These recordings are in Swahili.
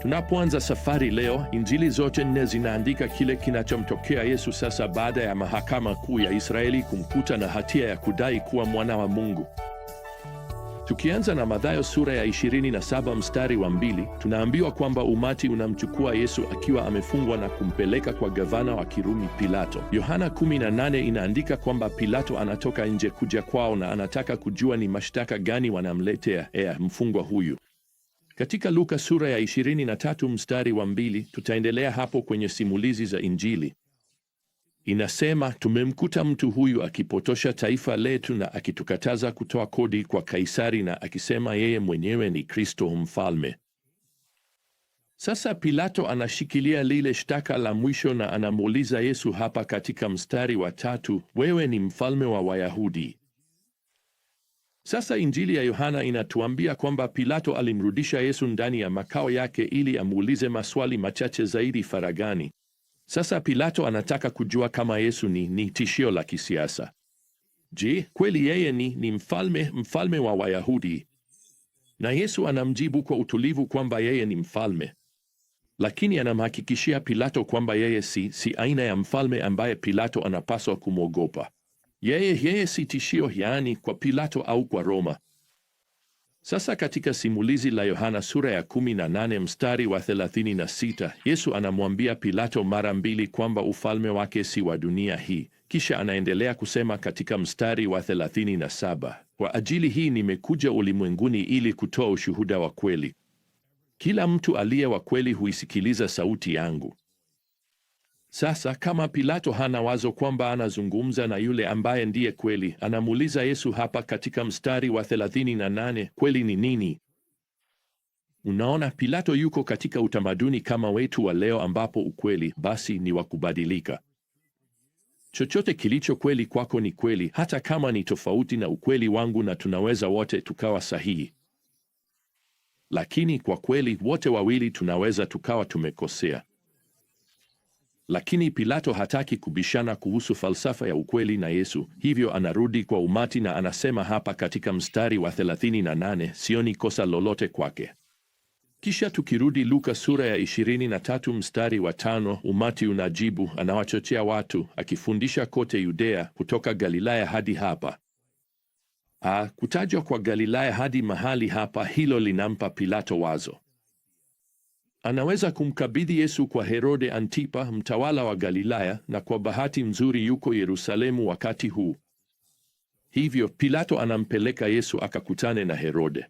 Tunapoanza safari leo, injili zote nne zinaandika kile kinachomtokea Yesu sasa baada ya mahakama kuu ya Israeli kumkuta na hatia ya kudai kuwa mwana wa Mungu. Tukianza na Mathayo sura ya 27 mstari wa mbili, tunaambiwa kwamba umati unamchukua Yesu akiwa amefungwa na kumpeleka kwa gavana wa Kirumi Pilato. Yohana 18 inaandika kwamba Pilato anatoka nje kuja kwao na anataka kujua ni mashtaka gani wanamletea ea eh, mfungwa huyu. Katika Luka sura ya 23 mstari wa mbili, tutaendelea hapo kwenye simulizi za Injili. Inasema, tumemkuta mtu huyu akipotosha taifa letu na akitukataza kutoa kodi kwa Kaisari na akisema yeye mwenyewe ni Kristo mfalme. Sasa Pilato anashikilia lile shtaka la mwisho na anamuuliza Yesu hapa katika mstari wa tatu, wewe ni mfalme wa Wayahudi? Sasa Injili ya Yohana inatuambia kwamba Pilato alimrudisha Yesu ndani ya makao yake ili amuulize maswali machache zaidi faragani. Sasa Pilato anataka kujua kama Yesu ni ni tishio la kisiasa. Je, kweli yeye ni ni mfalme mfalme wa Wayahudi? Na Yesu anamjibu kwa utulivu kwamba yeye ni mfalme, lakini anamhakikishia Pilato kwamba yeye si si aina ya mfalme ambaye Pilato anapaswa kumwogopa. Yeye yeye si tishio yaani kwa Pilato au kwa Roma. Sasa katika simulizi la Yohana sura ya 18 mstari wa 36, Yesu anamwambia Pilato mara mbili kwamba ufalme wake si wa dunia hii. Kisha anaendelea kusema katika mstari wa 37, kwa ajili hii nimekuja ulimwenguni ili kutoa ushuhuda wa kweli. Kila mtu aliye wa kweli huisikiliza sauti yangu. Sasa kama Pilato hana wazo kwamba anazungumza na yule ambaye ndiye kweli, anamuuliza Yesu hapa katika mstari wa 38, kweli ni nini? Unaona, Pilato yuko katika utamaduni kama wetu wa leo, ambapo ukweli basi ni wa kubadilika. Chochote kilicho kweli kwako ni kweli, hata kama ni tofauti na ukweli wangu, na tunaweza wote tukawa sahihi. Lakini kwa kweli wote wawili tunaweza tukawa tumekosea. Lakini Pilato hataki kubishana kuhusu falsafa ya ukweli na Yesu, hivyo anarudi kwa umati na anasema hapa katika mstari wa 38, sioni kosa lolote kwake. Kisha tukirudi Luka sura ya 23 mstari wa tano, umati unajibu, anawachochea watu akifundisha kote Yudea kutoka Galilaya hadi hapa. Ah, kutajwa kwa Galilaya hadi mahali hapa, hilo linampa Pilato wazo anaweza kumkabidhi Yesu kwa Herode Antipa, mtawala wa Galilaya, na kwa bahati nzuri yuko Yerusalemu wakati huu. Hivyo Pilato anampeleka Yesu akakutane na Herode.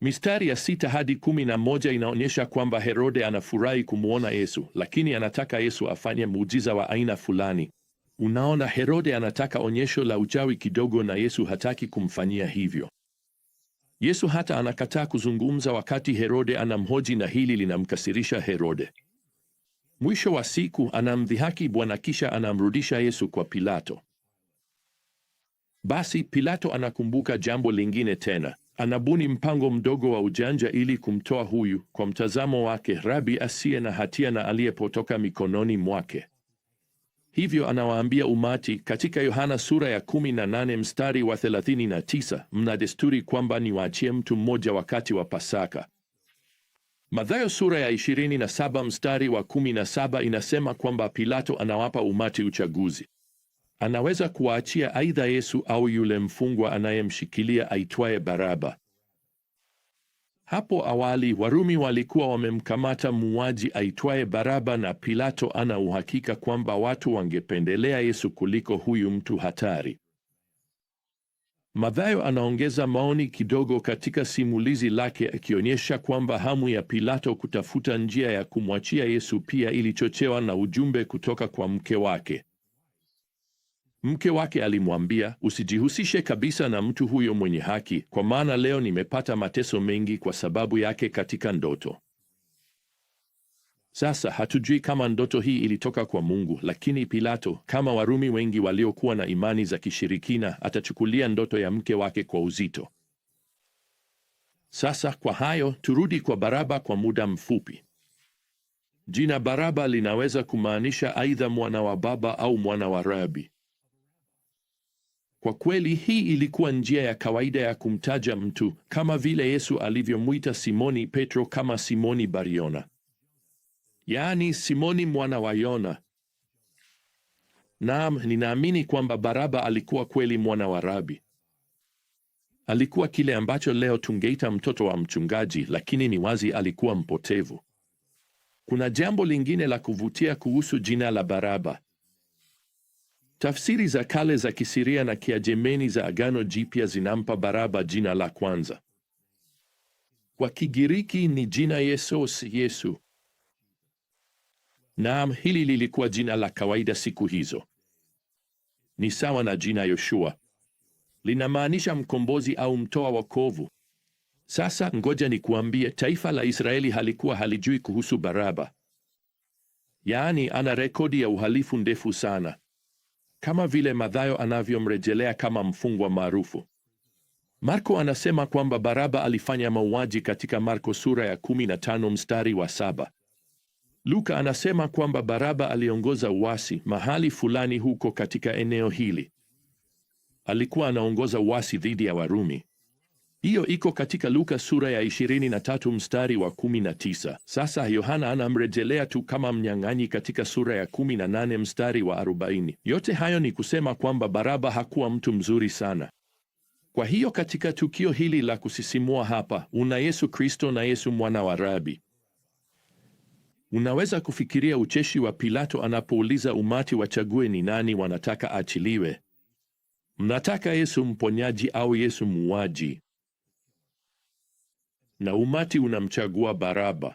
Mistari ya sita hadi kumi na moja inaonyesha kwamba Herode anafurahi kumwona Yesu, lakini anataka Yesu afanye muujiza wa aina fulani. Unaona, Herode anataka onyesho la uchawi kidogo, na Yesu hataki kumfanyia hivyo. Yesu hata anakataa kuzungumza wakati Herode anamhoji, na hili linamkasirisha Herode. Mwisho wa siku anamdhihaki Bwana, kisha anamrudisha Yesu kwa Pilato. Basi Pilato anakumbuka jambo lingine tena, anabuni mpango mdogo wa ujanja ili kumtoa huyu, kwa mtazamo wake, rabi asiye na hatia na aliyepotoka mikononi mwake. Hivyo anawaambia umati katika Yohana sura ya 18 mstari wa 39, mna desturi kwamba niwaachie mtu mmoja wakati wa Pasaka. Mathayo sura ya 27 mstari wa 17 inasema kwamba Pilato anawapa umati uchaguzi. Anaweza kuwaachia aidha Yesu au yule mfungwa anayemshikilia aitwaye Baraba. Hapo awali Warumi walikuwa wamemkamata muuaji aitwaye Baraba na Pilato ana uhakika kwamba watu wangependelea Yesu kuliko huyu mtu hatari. Mathayo anaongeza maoni kidogo katika simulizi lake akionyesha kwamba hamu ya Pilato kutafuta njia ya kumwachia Yesu pia ilichochewa na ujumbe kutoka kwa mke wake. Mke wake alimwambia, usijihusishe kabisa na mtu huyo mwenye haki, kwa maana leo nimepata mateso mengi kwa sababu yake katika ndoto. Sasa hatujui kama ndoto hii ilitoka kwa Mungu, lakini Pilato, kama Warumi wengi waliokuwa na imani za kishirikina, atachukulia ndoto ya mke wake kwa uzito. Sasa kwa hayo, turudi kwa Baraba kwa muda mfupi. Jina Baraba linaweza kumaanisha aidha mwana wa baba au mwana wa rabi. Kwa kweli hii ilikuwa njia ya kawaida ya kumtaja mtu, kama vile Yesu alivyomwita Simoni Petro kama Simoni Bariona, yaani Simoni mwana wa Yona. Naam, ninaamini kwamba Baraba alikuwa kweli mwana wa Rabi. Alikuwa kile ambacho leo tungeita mtoto wa mchungaji, lakini ni wazi alikuwa mpotevu. Kuna jambo lingine la kuvutia kuhusu jina la Baraba. Tafsiri za kale za Kisiria na Kiajemeni za Agano Jipya zinampa Baraba jina la kwanza. Kwa Kigiriki ni jina Yesos, Yesu. Naam, hili lilikuwa jina la kawaida siku hizo. Ni sawa na jina Yoshua. Linamaanisha mkombozi au mtoa wokovu. Sasa ngoja nikuambie, taifa la Israeli halikuwa halijui kuhusu Baraba. Yaani, ana rekodi ya uhalifu ndefu sana kama vile Mathayo anavyomrejelea kama mfungwa maarufu. Marko anasema kwamba Baraba alifanya mauaji katika Marko sura ya 15 mstari wa saba. Luka anasema kwamba Baraba aliongoza uasi mahali fulani huko katika eneo hili. Alikuwa anaongoza uasi dhidi ya Warumi. Hiyo iko katika Luka sura ya 23 mstari wa 19. Sasa Yohana anamrejelea tu kama mnyang'anyi katika sura ya 18 mstari wa 40. Yote hayo ni kusema kwamba Baraba hakuwa mtu mzuri sana. Kwa hiyo katika tukio hili la kusisimua hapa, una Yesu Kristo na Yesu mwana wa Rabi. Unaweza kufikiria ucheshi wa Pilato anapouliza umati wachague ni nani wanataka achiliwe. Mnataka Yesu mponyaji au Yesu muuaji? na umati unamchagua Baraba.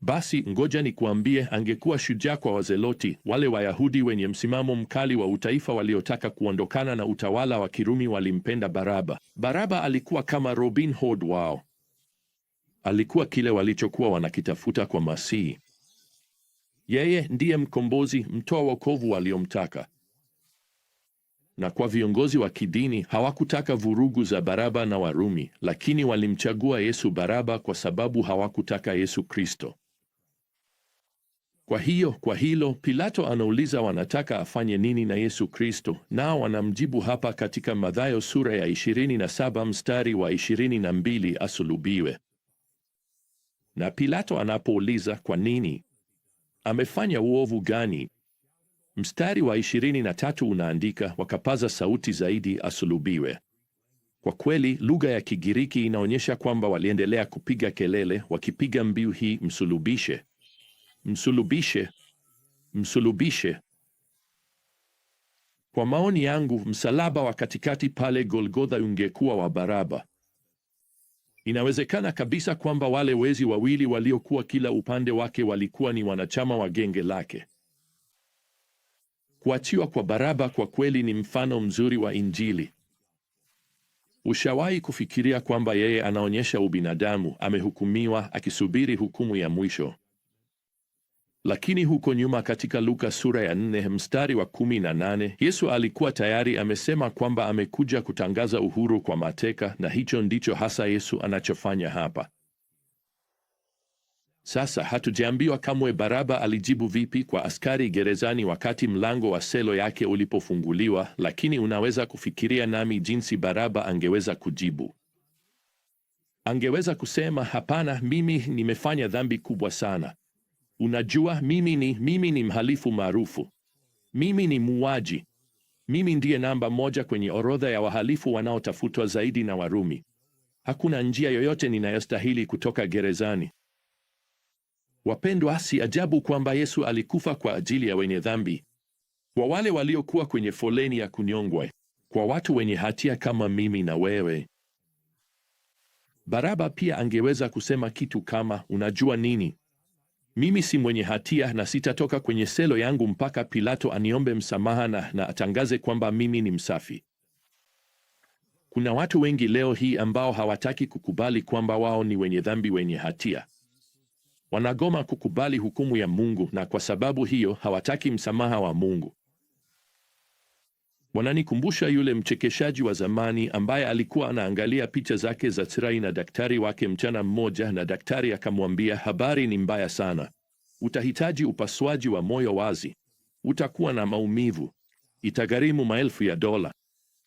Basi ngoja nikuambie, angekuwa shujaa kwa Wazeloti, wale Wayahudi wenye msimamo mkali wa utaifa waliotaka kuondokana na utawala wa Kirumi. Walimpenda Baraba. Baraba alikuwa kama Robin Hood wao, alikuwa kile walichokuwa wanakitafuta kwa Masihi. Yeye ndiye mkombozi, mtoa wokovu waliomtaka na kwa viongozi wa kidini hawakutaka vurugu za Baraba na Warumi, lakini walimchagua Yesu Baraba kwa sababu hawakutaka Yesu Kristo. Kwa hiyo kwa hilo Pilato anauliza wanataka afanye nini na Yesu Kristo, nao wanamjibu hapa katika Mathayo sura ya 27 mstari wa 22, asulubiwe. Na Pilato anapouliza kwa nini, amefanya uovu gani? Mstari wa ishirini na tatu unaandika, wakapaza sauti zaidi, asulubiwe. Kwa kweli lugha ya Kigiriki inaonyesha kwamba waliendelea kupiga kelele, wakipiga mbiu hii, msulubishe, msulubishe, msulubishe. Kwa maoni yangu, msalaba wa katikati pale Golgotha ungekuwa wa Baraba. Inawezekana kabisa kwamba wale wezi wawili waliokuwa kila upande wake walikuwa ni wanachama wa genge lake. Kuachiwa kwa Baraba kwa kweli ni mfano mzuri wa Injili. Ushawahi kufikiria kwamba yeye anaonyesha ubinadamu, amehukumiwa, akisubiri hukumu ya mwisho? Lakini huko nyuma katika Luka sura ya 4 mstari wa 18, Yesu alikuwa tayari amesema kwamba amekuja kutangaza uhuru kwa mateka, na hicho ndicho hasa Yesu anachofanya hapa. Sasa hatujaambiwa kamwe Baraba alijibu vipi kwa askari gerezani wakati mlango wa selo yake ulipofunguliwa, lakini unaweza kufikiria nami jinsi Baraba angeweza kujibu. Angeweza kusema, hapana, mimi nimefanya dhambi kubwa sana. Unajua, mimi ni mimi ni mhalifu maarufu, mimi ni muuaji, mimi ndiye namba moja kwenye orodha ya wahalifu wanaotafutwa zaidi na Warumi. Hakuna njia yoyote ninayostahili kutoka gerezani. Wapendwa, si ajabu kwamba Yesu alikufa kwa ajili ya wenye dhambi, kwa wale waliokuwa kwenye foleni ya kunyongwe kwa watu wenye hatia kama mimi na wewe. Baraba pia angeweza kusema kitu kama, unajua nini, mimi si mwenye hatia na sitatoka kwenye selo yangu mpaka Pilato aniombe msamaha na na atangaze kwamba mimi ni msafi. Kuna watu wengi leo hii ambao hawataki kukubali kwamba wao ni wenye dhambi, wenye hatia. Wanagoma kukubali hukumu ya Mungu na kwa sababu hiyo hawataki msamaha wa Mungu. Wananikumbusha yule mchekeshaji wa zamani ambaye alikuwa anaangalia picha zake za tirai na daktari wake mchana mmoja, na daktari akamwambia, habari ni mbaya sana, utahitaji upasuaji wa moyo wazi, utakuwa na maumivu, itagharimu maelfu ya dola.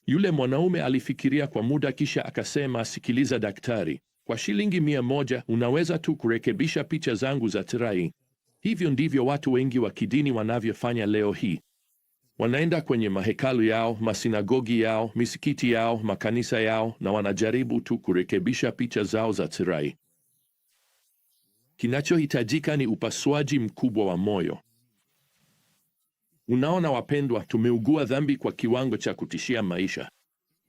Yule mwanaume alifikiria kwa muda, kisha akasema, sikiliza daktari, kwa shilingi mia moja unaweza tu kurekebisha picha zangu za tirai. Hivyo ndivyo watu wengi wa kidini wanavyofanya leo hii. Wanaenda kwenye mahekalu yao, masinagogi yao, misikiti yao, makanisa yao na wanajaribu tu kurekebisha picha zao za tirai. Kinachohitajika ni upasuaji mkubwa wa moyo. Unaona wapendwa, tumeugua dhambi kwa kiwango cha kutishia maisha.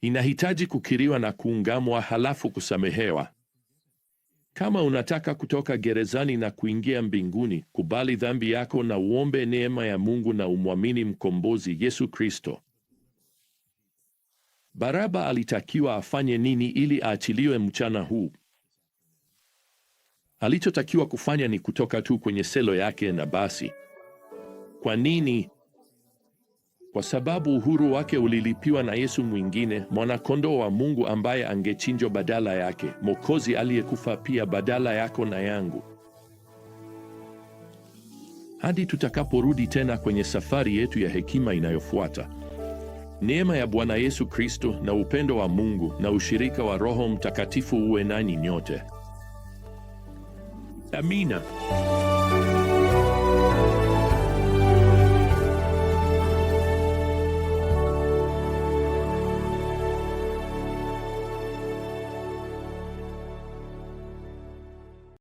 Inahitaji kukiriwa na kuungamwa, halafu kusamehewa. Kama unataka kutoka gerezani na kuingia mbinguni, kubali dhambi yako na uombe neema ya Mungu na umwamini mkombozi Yesu Kristo. Baraba alitakiwa afanye nini ili aachiliwe mchana huu? Alichotakiwa kufanya ni kutoka tu kwenye selo yake na basi. Kwa nini? Kwa sababu uhuru wake ulilipiwa na Yesu mwingine, mwanakondoo wa Mungu ambaye angechinjwa badala yake, Mwokozi aliyekufa pia badala yako na yangu. Hadi tutakaporudi tena kwenye safari yetu ya hekima inayofuata. Neema ya Bwana Yesu Kristo na upendo wa Mungu na ushirika wa Roho Mtakatifu uwe nanyi nyote. Amina.